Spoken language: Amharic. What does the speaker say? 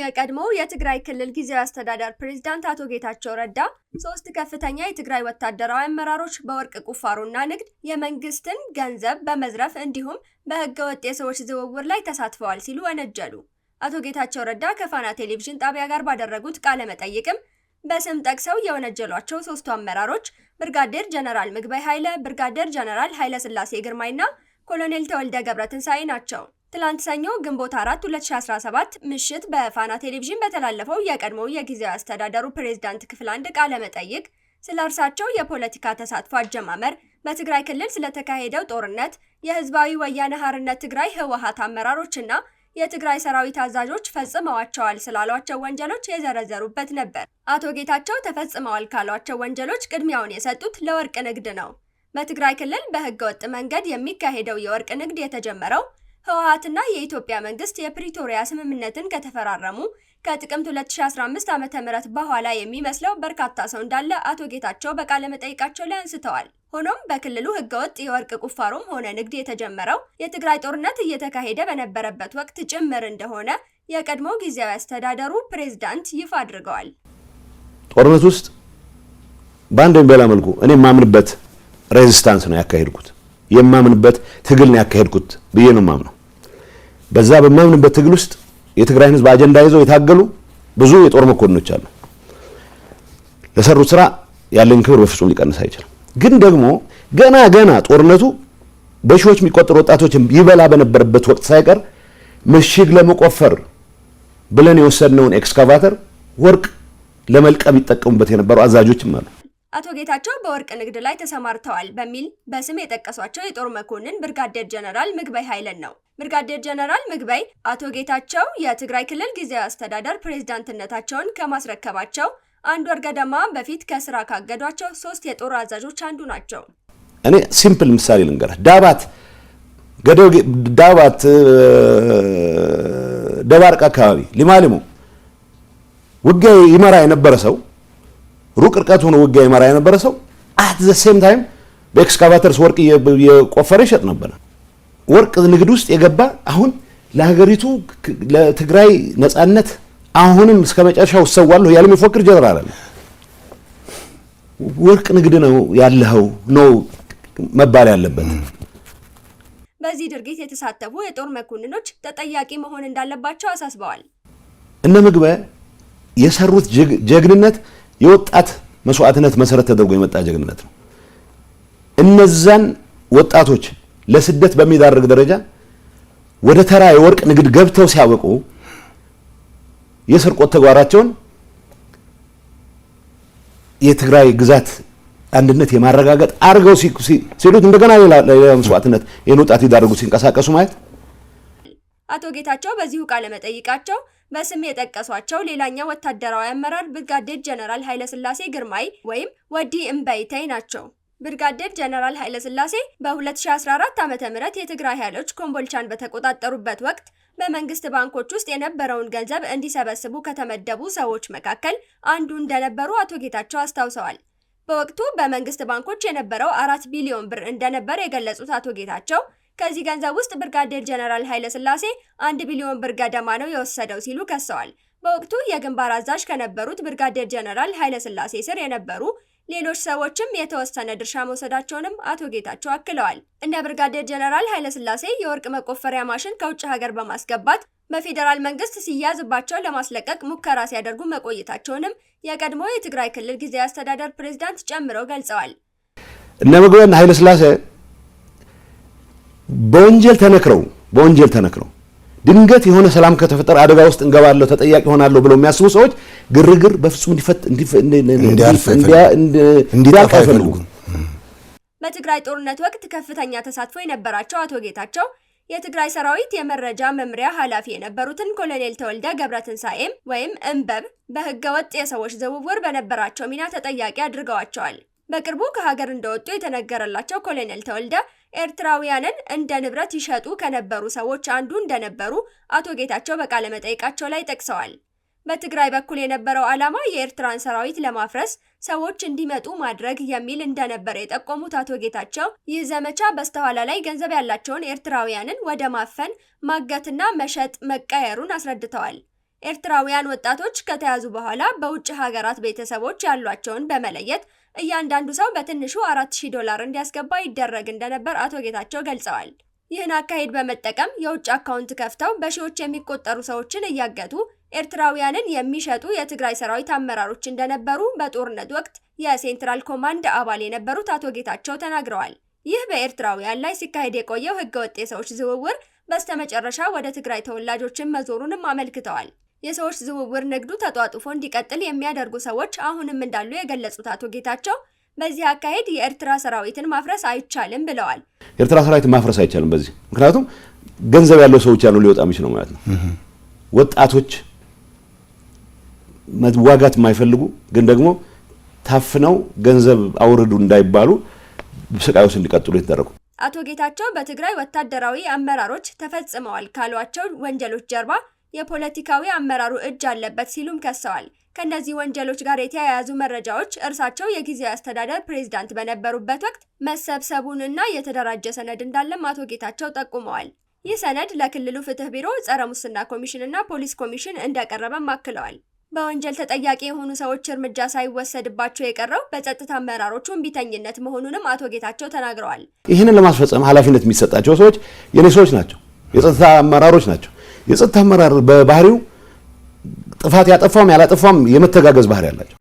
የቀድሞው የትግራይ ክልል ጊዜያዊ አስተዳደር ፕሬዝዳንት አቶ ጌታቸው ረዳ ሶስት ከፍተኛ የትግራይ ወታደራዊ አመራሮች በወርቅ ቁፋሮና ንግድ፣ የመንግስትን ገንዘብ በመዝረፍ እንዲሁም በህገወጥ የሰዎች ዝውውር ላይ ተሳትፈዋል ሲሉ ወነጀሉ። አቶ ጌታቸው ረዳ ከፋና ቴሌቪዥን ጣቢያ ጋር ባደረጉት ቃለ መጠይቅም በስም ጠቅሰው የወነጀሏቸው ሶስቱ አመራሮች ብርጋዴር ጀነራል ምግበይ ኃይለ፣ ብርጋዴር ጀነራል ኃይለስላሴ ግርማይና ኮሎኔል ተወልደ ገብረ ትንሳኤ ናቸው። ትላንት ሰኞ ግንቦት 4 2017 ምሽት በፋና ቴሌቪዥን በተላለፈው የቀድሞ የጊዜያዊ አስተዳደሩ ፕሬዝዳንት ክፍል አንድ ቃለ መጠይቅ ስለ እርሳቸው የፖለቲካ ተሳትፎ አጀማመር፣ በትግራይ ክልል ስለተካሄደው ጦርነት፣ የህዝባዊ ወያነ ሓርነት ትግራይ ህወሓት አመራሮችና የትግራይ ሰራዊት አዛዦች ፈጽመዋቸዋል ስላሏቸው ወንጀሎች የዘረዘሩበት ነበር። አቶ ጌታቸው ተፈጽመዋል ካሏቸው ወንጀሎች ቅድሚያውን የሰጡት ለወርቅ ንግድ ነው። በትግራይ ክልል በህገወጥ መንገድ የሚካሄደው የወርቅ ንግድ የተጀመረው ህወሀትና የኢትዮጵያ መንግስት የፕሪቶሪያ ስምምነትን ከተፈራረሙ ከጥቅምት 2015 ዓ.ም በኋላ የሚመስለው በርካታ ሰው እንዳለ አቶ ጌታቸው በቃለ መጠይቃቸው ላይ አንስተዋል። ሆኖም በክልሉ ህገወጥ የወርቅ ቁፋሮም ሆነ ንግድ የተጀመረው የትግራይ ጦርነት እየተካሄደ በነበረበት ወቅት ጭምር እንደሆነ የቀድሞ ጊዜያዊ አስተዳደሩ ፕሬዝዳንት ይፋ አድርገዋል። ጦርነት ውስጥ በአንድ የሚበላ መልኩ እኔ የማምንበት ሬዚስታንስ ነው ያካሄድኩት፣ የማምንበት ትግል ነው ያካሄድኩት ብዬ ነው የማምነው። በዛ በማምንበት ትግል ውስጥ የትግራይን ህዝብ አጀንዳ ይዘው የታገሉ ብዙ የጦር መኮንኖች አሉ። ለሰሩት ስራ ያለን ክብር በፍጹም ሊቀንስ አይችልም። ግን ደግሞ ገና ገና ጦርነቱ በሺዎች የሚቆጠሩ ወጣቶችን ይበላ በነበረበት ወቅት ሳይቀር ምሽግ ለመቆፈር ብለን የወሰድነውን ኤክስካቫተር ወርቅ ለመልቀም ይጠቀሙበት የነበሩ አዛዦችም አሉ። አቶ ጌታቸው በወርቅ ንግድ ላይ ተሰማርተዋል በሚል በስም የጠቀሷቸው የጦር መኮንን ብርጋዴር ጀነራል ምግበይ ኃይለን ነው። ብርጋዴር ጀነራል ምግበይ አቶ ጌታቸው የትግራይ ክልል ጊዜያዊ አስተዳደር ፕሬዝዳንትነታቸውን ከማስረከባቸው አንድ ወር ገደማ በፊት ከስራ ካገዷቸው ሶስት የጦር አዛዦች አንዱ ናቸው። እኔ ሲምፕል ምሳሌ ልንገርህ። ዳባት ዳባት ደባርቅ አካባቢ ሊማሊሙ ውጊያ ይመራ የነበረ ሰው ሩቅ ርቀት ሆኖ ውጊያ ይመራ የነበረ ሰው አት ዘ ሴም ታይም በኤክስካቫተርስ ወርቅ የቆፈረ ይሸጥ ነበረ። ወርቅ ንግድ ውስጥ የገባ አሁን ለሀገሪቱ ለትግራይ ነፃነት አሁንም እስከ መጨረሻው እሰዋለሁ ያለ የሚፎክር ጀነራል አለ። ወርቅ ንግድ ነው ያለኸው ነው መባል ያለበት። በዚህ ድርጊት የተሳተፉ የጦር መኮንኖች ተጠያቂ መሆን እንዳለባቸው አሳስበዋል። እነ ምግበ የሰሩት ጀግንነት የወጣት መስዋዕትነት መሰረት ተደርጎ የመጣ ጀግንነት ነው። እነዛን ወጣቶች ለስደት በሚዳርግ ደረጃ ወደ ተራ የወርቅ ንግድ ገብተው ሲያበቁ የስርቆት ተግባራቸውን የትግራይ ግዛት አንድነት የማረጋገጥ አድርገው ሲሉት እንደገና ሌላ መስዋዕትነት ይህን ወጣት ይዳርጉ ሲንቀሳቀሱ ማየት አቶ ጌታቸው በዚሁ ቃለመጠይቃቸው በስም የጠቀሷቸው ሌላኛው ወታደራዊ አመራር ብርጋዴር ጀነራል ኃይለስላሴ ግርማይ ወይም ወዲ እምበይተይ ናቸው። ብርጋዴር ጀነራል ኃይለሥላሴ በ2014 ዓ.ም የትግራይ ኃይሎች ኮምቦልቻን በተቆጣጠሩበት ወቅት በመንግስት ባንኮች ውስጥ የነበረውን ገንዘብ እንዲሰበስቡ ከተመደቡ ሰዎች መካከል አንዱ እንደነበሩ አቶ ጌታቸው አስታውሰዋል። በወቅቱ በመንግስት ባንኮች የነበረው አራት ቢሊዮን ብር እንደነበር የገለጹት አቶ ጌታቸው ከዚህ ገንዘብ ውስጥ ብርጋዴር ጀነራል ኃይለስላሴ አንድ ቢሊዮን ብር ገደማ ነው የወሰደው ሲሉ ከሰዋል። በወቅቱ የግንባር አዛዥ ከነበሩት ብርጋዴር ጀነራል ኃይለ ስላሴ ስር የነበሩ ሌሎች ሰዎችም የተወሰነ ድርሻ መውሰዳቸውንም አቶ ጌታቸው አክለዋል። እንደ ብርጋዴር ጀነራል ኃይለ ስላሴ የወርቅ መቆፈሪያ ማሽን ከውጭ ሀገር በማስገባት በፌዴራል መንግስት ሲያዝባቸው ለማስለቀቅ ሙከራ ሲያደርጉ መቆየታቸውንም የቀድሞ የትግራይ ክልል ጊዜያዊ አስተዳደር ፕሬዝዳንት ጨምረው ገልጸዋል። እነ ምግበን ስላሴ በወንጀል ተነክረው በወንጀል ተነክረው ድንገት የሆነ ሰላም ከተፈጠረ አደጋ ውስጥ እንገባለሁ ተጠያቂ ሆናለሁ ብለው የሚያስቡ ሰዎች ግርግር በፍጹም እንዲያልፍ አይፈልጉም። በትግራይ ጦርነት ወቅት ከፍተኛ ተሳትፎ የነበራቸው አቶ ጌታቸው የትግራይ ሰራዊት የመረጃ መምሪያ ኃላፊ የነበሩትን ኮሎኔል ተወልደ ገብረትንሳኤም ወይም እንበብ በህገወጥ የሰዎች ዝውውር በነበራቸው ሚና ተጠያቂ አድርገዋቸዋል። በቅርቡ ከሀገር እንደወጡ የተነገረላቸው ኮሎኔል ተወልደ ኤርትራውያንን እንደ ንብረት ይሸጡ ከነበሩ ሰዎች አንዱ እንደነበሩ አቶ ጌታቸው በቃለ መጠይቃቸው ላይ ጠቅሰዋል። በትግራይ በኩል የነበረው ዓላማ የኤርትራን ሰራዊት ለማፍረስ ሰዎች እንዲመጡ ማድረግ የሚል እንደነበረ የጠቆሙት አቶ ጌታቸው ይህ ዘመቻ በስተኋላ ላይ ገንዘብ ያላቸውን ኤርትራውያንን ወደ ማፈን ማገትና መሸጥ መቀየሩን አስረድተዋል። ኤርትራውያን ወጣቶች ከተያዙ በኋላ በውጭ ሀገራት ቤተሰቦች ያሏቸውን በመለየት እያንዳንዱ ሰው በትንሹ 4000 ዶላር እንዲያስገባ ይደረግ እንደነበር አቶ ጌታቸው ገልጸዋል። ይህን አካሄድ በመጠቀም የውጭ አካውንት ከፍተው በሺዎች የሚቆጠሩ ሰዎችን እያገቱ ኤርትራውያንን የሚሸጡ የትግራይ ሰራዊት አመራሮች እንደነበሩ በጦርነት ወቅት የሴንትራል ኮማንድ አባል የነበሩት አቶ ጌታቸው ተናግረዋል። ይህ በኤርትራውያን ላይ ሲካሄድ የቆየው ህገወጥ የሰዎች ዝውውር በስተመጨረሻ ወደ ትግራይ ተወላጆችን መዞሩንም አመልክተዋል። የሰዎች ዝውውር ንግዱ ተጧጡፎ እንዲቀጥል የሚያደርጉ ሰዎች አሁንም እንዳሉ የገለጹት አቶ ጌታቸው በዚህ አካሄድ የኤርትራ ሰራዊትን ማፍረስ አይቻልም ብለዋል። የኤርትራ ሰራዊትን ማፍረስ አይቻልም በዚህ ምክንያቱም ገንዘብ ያለው ሰዎች ብቻ ነው ሊወጣ የሚችል ነው ማለት ነው። ወጣቶች መዋጋት የማይፈልጉ ግን ደግሞ ታፍነው ገንዘብ አውርዱ እንዳይባሉ ስቃይ ውስጥ እንዲቀጥሉ የተደረጉ አቶ ጌታቸው በትግራይ ወታደራዊ አመራሮች ተፈጽመዋል ካሏቸው ወንጀሎች ጀርባ የፖለቲካዊ አመራሩ እጅ አለበት ሲሉም ከሰዋል። ከእነዚህ ወንጀሎች ጋር የተያያዙ መረጃዎች እርሳቸው የጊዜያዊ አስተዳደር ፕሬዝዳንት በነበሩበት ወቅት መሰብሰቡንና የተደራጀ ሰነድ እንዳለም አቶ ጌታቸው ጠቁመዋል። ይህ ሰነድ ለክልሉ ፍትህ ቢሮ፣ ጸረ ሙስና ኮሚሽን እና ፖሊስ ኮሚሽን እንደቀረበም አክለዋል። በወንጀል ተጠያቂ የሆኑ ሰዎች እርምጃ ሳይወሰድባቸው የቀረው በጸጥታ አመራሮቹ እምቢተኝነት መሆኑንም አቶ ጌታቸው ተናግረዋል። ይህንን ለማስፈጸም ኃላፊነት የሚሰጣቸው ሰዎች የኔ ሰዎች ናቸው፣ የጸጥታ አመራሮች ናቸው። የጸጥታ አመራር በባህሪው ጥፋት ያጠፋውም ያላጠፋውም የመተጋገዝ ባህሪ አላቸው።